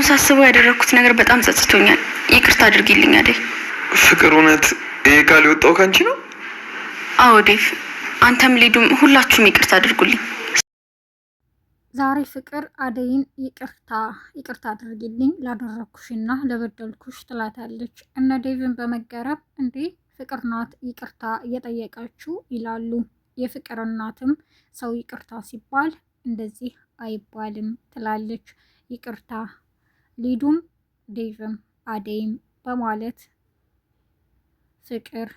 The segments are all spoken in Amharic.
አሁን ሳስበው ያደረግኩት ነገር በጣም ጸጽቶኛል። ይቅርታ አድርጊልኝ አደይ። ፍቅር እውነት ይሄ ቃል የወጣው ከአንቺ ነው? አዎ ዴቭ፣ አንተም ሊዱም ሁላችሁም ይቅርታ አድርጉልኝ። ዛሬ ፍቅር አደይን ይቅርታ ይቅርታ አድርጊልኝ ላደረግኩሽና ለበደልኩሽ ትላታለች። እነ ዴቭን በመገረም እንዴ ፍቅር ናት ይቅርታ እየጠየቀችው ይላሉ። የፍቅር እናትም ሰው ይቅርታ ሲባል እንደዚህ አይባልም ትላለች። ይቅርታ ሊዱም ዴቭም አደይም በማለት ፍቅር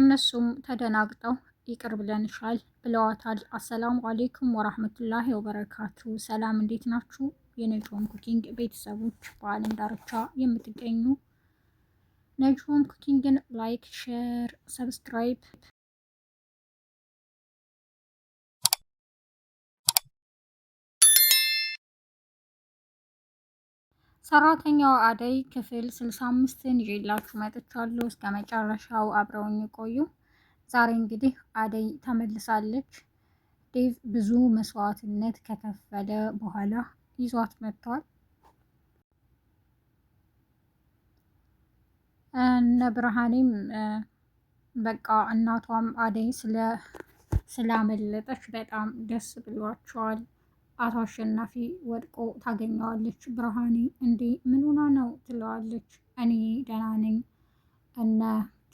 እነሱም ተደናግጠው ይቅር ብለንሻል ብለዋታል። አሰላሙ አሌይኩም ወራህመቱላሂ ወበረካቱ። ሰላም እንዴት ናችሁ? የነጅሆም ኩኪንግ ቤተሰቦች በዓለም ዳርቻ የምትገኙ ነጅሆም ኩኪንግን ላይክ፣ ሼር፣ ሰብስክራይብ ሰራተኛዋ አደይ ክፍል 65ን ይዤላችሁ መጥቻለሁ። እስከ መጨረሻው አብረውኝ ቆዩ። ዛሬ እንግዲህ አደይ ተመልሳለች። ዴቭ ብዙ መስዋዕትነት ከከፈለ በኋላ ይዟት መጥቷል። እነ ብርሃኔም በቃ እናቷም አደይ ስላመለጠች በጣም ደስ ብሏቸዋል። አቶ አሸናፊ ወድቆ ታገኘዋለች። ብርሃኔ እንዴ ምን ሆና ነው ትለዋለች። እኔ ደህና ነኝ እነ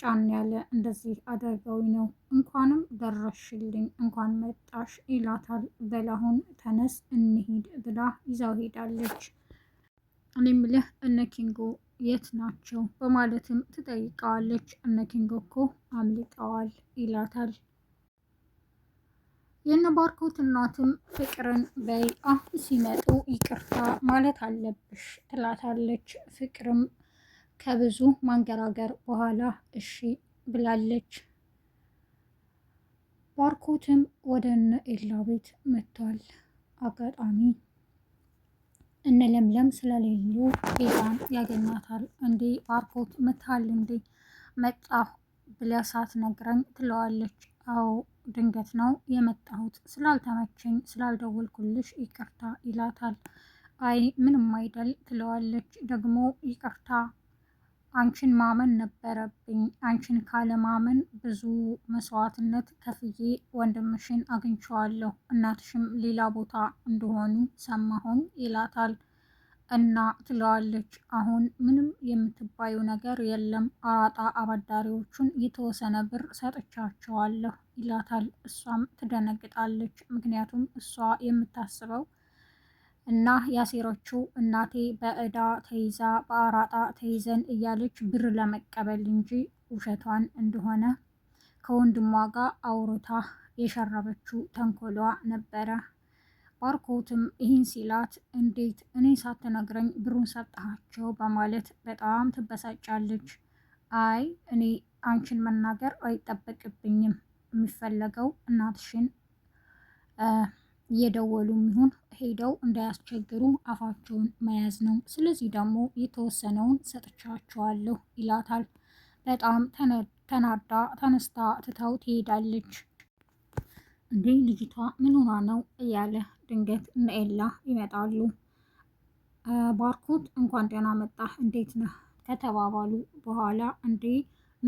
ጫን ያለ እንደዚህ አደርገው ነው እንኳንም ደረሽልኝ እንኳን መጣሽ ይላታል። በላሁን ተነስ እንሂድ ብላ ይዛው ሄዳለች። እኔ ምልህ እነ ኪንጎ የት ናቸው በማለትም ትጠይቀዋለች። እነ ኪንጎ እኮ አምልጠዋል ይላታል። የነ ባርኮት እናትም ፍቅርን በይ አሁን ሲመጡ ይቅርታ ማለት አለብሽ ትላታለች። ፍቅርም ከብዙ ማንገራገር በኋላ እሺ ብላለች። ባርኮትም ወደ እነ ኤላ ቤት መጥቷል። አጋጣሚ እነ ለምለም ስለሌሉ ኤላን ያገኛታል። እንዴ ባርኮት ምታል እንዴ መጣ ብለሳት ሳትነግረኝ ትለዋለች። አዎ ድንገት ነው የመጣሁት ስላልተመቸኝ ስላልደወልኩልሽ ይቅርታ ይላታል። አይ ምንም አይደል ትለዋለች። ደግሞ ይቅርታ አንቺን ማመን ነበረብኝ። አንቺን ካለማመን ብዙ መስዋዕትነት ከፍዬ ወንድምሽን አግኝቼዋለሁ። እናትሽም ሌላ ቦታ እንደሆኑ ሰማሁኝ ይላታል። እና ትለዋለች። አሁን ምንም የምትባዩ ነገር የለም አራጣ አበዳሪዎቹን የተወሰነ ብር ሰጥቻቸዋለሁ ይላታል። እሷም ትደነግጣለች። ምክንያቱም እሷ የምታስበው እና ያሴረችው እናቴ በእዳ ተይዛ በአራጣ ተይዘን እያለች ብር ለመቀበል እንጂ ውሸቷን እንደሆነ ከወንድሟ ጋር አውርታ የሸረበችው ተንኮሏ ነበረ። ባርኮትም ይህን ሲላት እንዴት እኔ ሳትነግረኝ ብሩን ሰጠሃቸው በማለት በጣም ትበሳጫለች። አይ እኔ አንቺን መናገር አይጠበቅብኝም የሚፈለገው እናትሽን እየደወሉ ይሁን ሄደው እንዳያስቸግሩ አፋቸውን መያዝ ነው። ስለዚህ ደግሞ የተወሰነውን ሰጥቻቸዋለሁ ይላታል። በጣም ተናዳ ተነስታ ትተው ትሄዳለች። እንዴ ልጅቷ ምን ሆና ነው እያለ ድንገት እነ ኤላ ይመጣሉ። ባርኮት እንኳን ደህና መጣህ እንዴት ነህ ከተባባሉ በኋላ እንዴ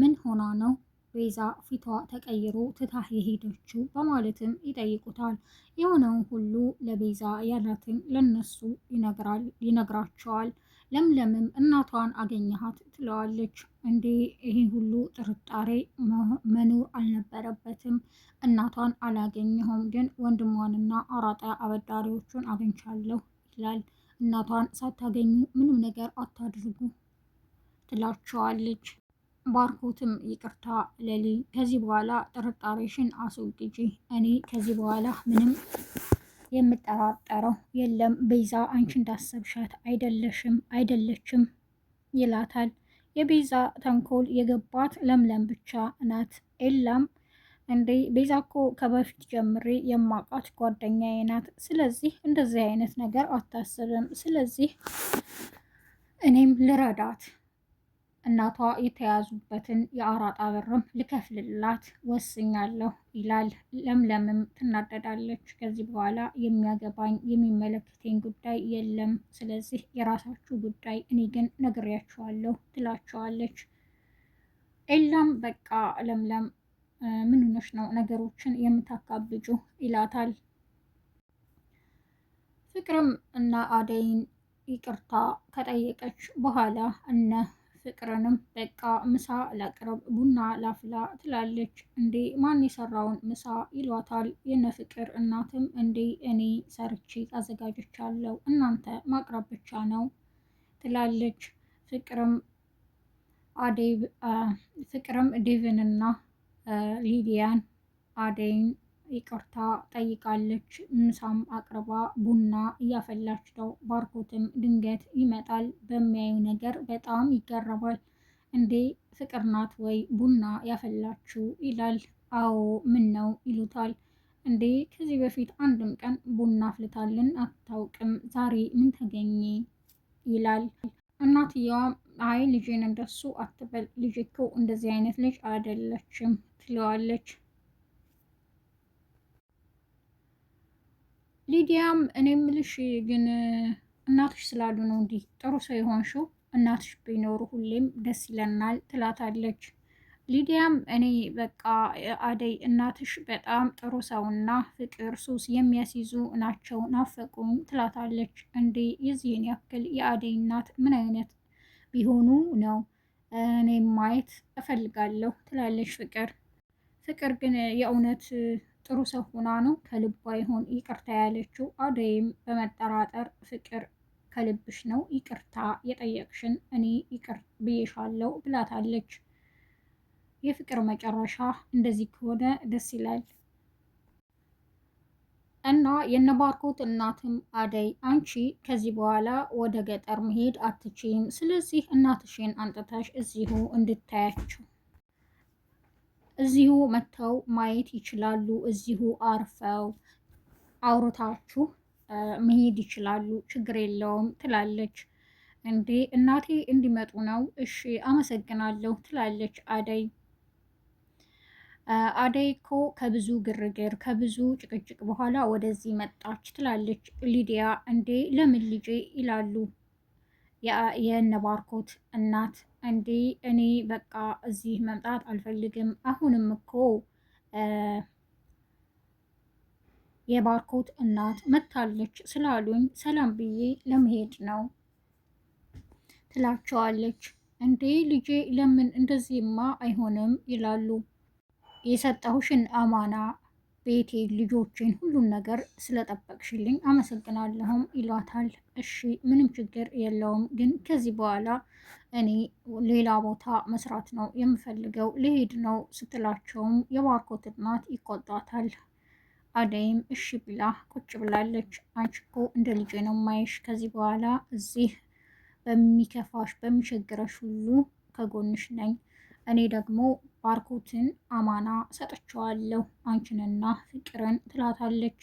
ምን ሆና ነው ቤዛ ፊቷ ተቀይሮ ትታህ የሄደችው በማለትም ይጠይቁታል። የሆነውን ሁሉ ለቤዛ ያላትን ለነሱ ይነግራቸዋል። ለምለምም እናቷን አገኘሃት ትለዋለች። እንዴ ይህ ሁሉ ጥርጣሬ መኖር አልነበረበትም። እናቷን አላገኘሁም፣ ግን ወንድሟንና አራጣ አበዳሪዎቹን አግኝቻለሁ ይላል። እናቷን ሳታገኙ ምንም ነገር አታድርጉ ትላቸዋለች። ባርኮትም ይቅርታ ለሊ፣ ከዚህ በኋላ ጥርጣሬሽን አስወግጂ። እኔ ከዚህ በኋላ ምንም የምጠራጠረው የለም ቤዛ አንቺ እንዳሰብሻት አይደለሽም አይደለችም ይላታል። የቤዛ ተንኮል የገባት ለምለም ብቻ ናት። ኤላም እንዴ ቤዛ እኮ ከበፊት ጀምሬ የማውቃት ጓደኛዬ ናት። ስለዚህ እንደዚህ አይነት ነገር አታስብም። ስለዚህ እኔም ልረዳት እናቷ የተያዙበትን የአራጣ ብርም ልከፍልላት ወስኛለሁ ይላል። ለምለምም ትናደዳለች። ከዚህ በኋላ የሚያገባኝ የሚመለከተኝ ጉዳይ የለም፣ ስለዚህ የራሳችሁ ጉዳይ፣ እኔ ግን ነግሬያችኋለሁ ትላቸዋለች። ኤላም በቃ ለምለም ምን ሆነሽ ነው ነገሮችን የምታካብጁ ይላታል። ፍቅርም እና አደይን ይቅርታ ከጠየቀች በኋላ እነ ፍቅርንም በቃ ምሳ ላቅርብ፣ ቡና ላፍላ ትላለች። እንዴ ማን የሰራውን ምሳ ይሏታል። የነ ፍቅር እናትም እንዴ እኔ ሰርቼ አዘጋጅቻለሁ እናንተ ማቅረብ ብቻ ነው ትላለች። ፍቅርም አዴብ ፍቅርም ዴቭንና ሊዲያን አዴይን ይቅርታ ጠይቃለች። ምሳም አቅርባ ቡና እያፈላች ነው። ባርኮትም ድንገት ይመጣል። በሚያዩ ነገር በጣም ይገረባል። እንዴ ፍቅር ናት ወይ ቡና ያፈላችው? ይላል። አዎ ምን ነው ይሉታል። እንዴ ከዚህ በፊት አንድም ቀን ቡና አፍልታልን አታውቅም፣ ዛሬ ምን ተገኘ? ይላል። እናትየዋ አይ ልጄን እንደሱ አትበል፣ ልጅ እኮ እንደዚህ አይነት ልጅ አይደለችም ትለዋለች። ሊዲያም እኔ ልሽ ግን እናትሽ ስላሉ ነው እንዲህ ጥሩ ሰው የሆንሽው፣ እናትሽ ቢኖሩ ሁሌም ደስ ይለናል ትላታለች። ሊዲያም እኔ በቃ አደይ እናትሽ በጣም ጥሩ ሰውና ፍቅር ሱስ የሚያስይዙ ናቸው ናፈቁኝ ትላታለች። እንዴ የዚህን ያክል የአደይ እናት ምን አይነት ቢሆኑ ነው እኔም ማየት እፈልጋለሁ ትላለች ፍቅር። ፍቅር ግን የእውነት ጥሩ ሰው ሆና ነው ከልቧ ይሆን ይቅርታ ያለችው? አደይም በመጠራጠር ፍቅር ከልብሽ ነው ይቅርታ የጠየቅሽን እኔ ይቅር ብዬሻለው ብላታለች። የፍቅር መጨረሻ እንደዚህ ከሆነ ደስ ይላል። እና የነባርኮት እናትም አደይ አንቺ ከዚህ በኋላ ወደ ገጠር መሄድ አትችይም፣ ስለዚህ እናትሽን አንጥተሽ እዚሁ እንድታያችው እዚሁ መጥተው ማየት ይችላሉ። እዚሁ አርፈው አውርታችሁ መሄድ ይችላሉ። ችግር የለውም ትላለች። እንዴ እናቴ እንዲመጡ ነው? እሺ አመሰግናለሁ ትላለች አደይ። አደይ እኮ ከብዙ ግርግር ከብዙ ጭቅጭቅ በኋላ ወደዚህ መጣች ትላለች ሊዲያ። እንዴ ለምን ልጄ ይላሉ ባርኮት እናት እንዴ እኔ በቃ እዚህ መምጣት አልፈልግም። አሁንም እኮ የባርኮት እናት መታለች ስላሉኝ ሰላም ብዬ ለመሄድ ነው ትላቸዋለች። እንዴ ልጄ ለምን እንደዚህማ አይሆንም ይላሉ። የሰጠሁሽን አማና ቤቴ ልጆቼን ሁሉን ነገር ስለጠበቅሽልኝ አመሰግናለሁም ይሏታል። እሺ ምንም ችግር የለውም፣ ግን ከዚህ በኋላ እኔ ሌላ ቦታ መስራት ነው የምፈልገው ልሄድ ነው ስትላቸውም የባርኮት እናት ይቆጣታል። አደይም እሺ ብላ ቁጭ ብላለች። አንቺ እኮ እንደ ልጄ ነው ማየሽ፣ ከዚህ በኋላ እዚህ በሚከፋሽ በሚቸግረሽ ሁሉ ከጎንሽ ነኝ እኔ ደግሞ ባርኮትን አማና ሰጠችዋለሁ አንቺንና ፍቅርን ትላታለች።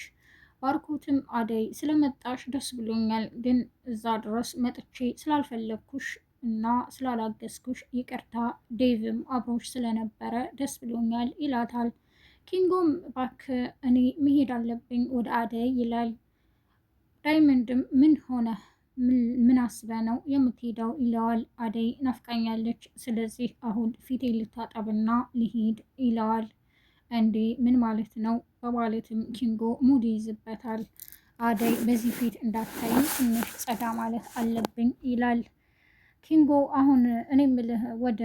ባርኮትም አደይ ስለመጣሽ ደስ ብሎኛል፣ ግን እዛ ድረስ መጥቼ ስላልፈለግኩሽ እና ስላላገዝኩሽ ይቅርታ፣ ዴቭም አብሮሽ ስለነበረ ደስ ብሎኛል ይላታል። ኪንጎም ባክ እኔ መሄድ አለብኝ ወደ አደይ ይላል። ዳይመንድም ምን ሆነ ምን አስበ ነው የምትሄደው? ይለዋል። አደይ ናፍቃኛለች፣ ስለዚህ አሁን ፊቴ ልታጠብና ሊሄድ ይለዋል። እንዴ ምን ማለት ነው? በማለትም ኪንጎ ሙድ ይይዝበታል። አደይ በዚህ ፊት እንዳታይ ትንሽ ጸዳ ማለት አለብኝ ይላል። ኪንጎ አሁን እኔ ምልህ ወደ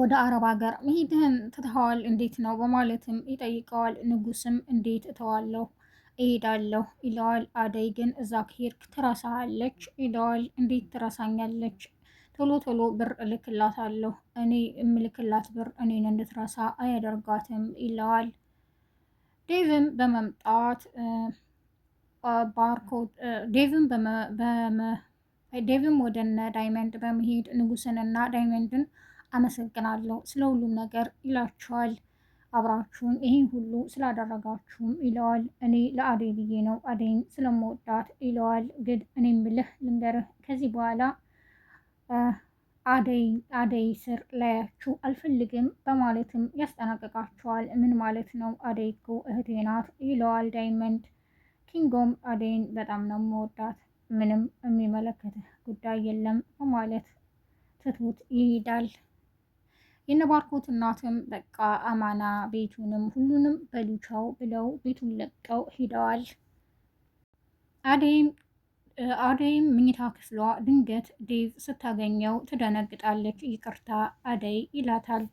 ወደ አረብ ሀገር መሄድህን ትተኸዋል እንዴት ነው? በማለትም ይጠይቀዋል። ንጉስም እንዴት እተዋለሁ እሄዳለሁ ይለዋል። አደይ ግን እዛ ከሄድክ ትረሳሃለች ይለዋል። እንዴት ትረሳኛለች? ቶሎ ቶሎ ብር እልክላታለሁ። እኔ የምልክላት ብር እኔን እንድትረሳ አያደርጋትም ይለዋል። ዴቭም በመምጣት ባርኮ ዴቭን ዴቭም ወደነ ዳይመንድ በመሄድ ንጉስንና ዳይመንድን አመሰግናለሁ ስለ ሁሉም ነገር ይላቸዋል። አብራችሁም ይህን ሁሉ ስላደረጋችሁም ይለዋል። እኔ ለአደይ ብዬ ነው አዴን ስለመወዳት ይለዋል። ግን እኔ ምልህ ልንገርህ ከዚህ በኋላ አደይ አደይ ስር ላያችሁ አልፈልግም በማለትም ያስጠናቅቃቸዋል። ምን ማለት ነው? አደይ እኮ እህቴ ናት ይለዋል ዳይመንድ። ኪንጎም አደይን በጣም ነው መወዳት፣ ምንም የሚመለከትህ ጉዳይ የለም በማለት ትቶት ይሄዳል። የነባርኮት እናትም በቃ አማና ቤቱንም ሁሉንም በሉቻው ብለው ቤቱን ለቀው ሄደዋል። አደይም አደይም ምኝታ ክፍሏ ድንገት ዴቭ ስታገኘው ትደነግጣለች። ይቅርታ አደይ ይላታል።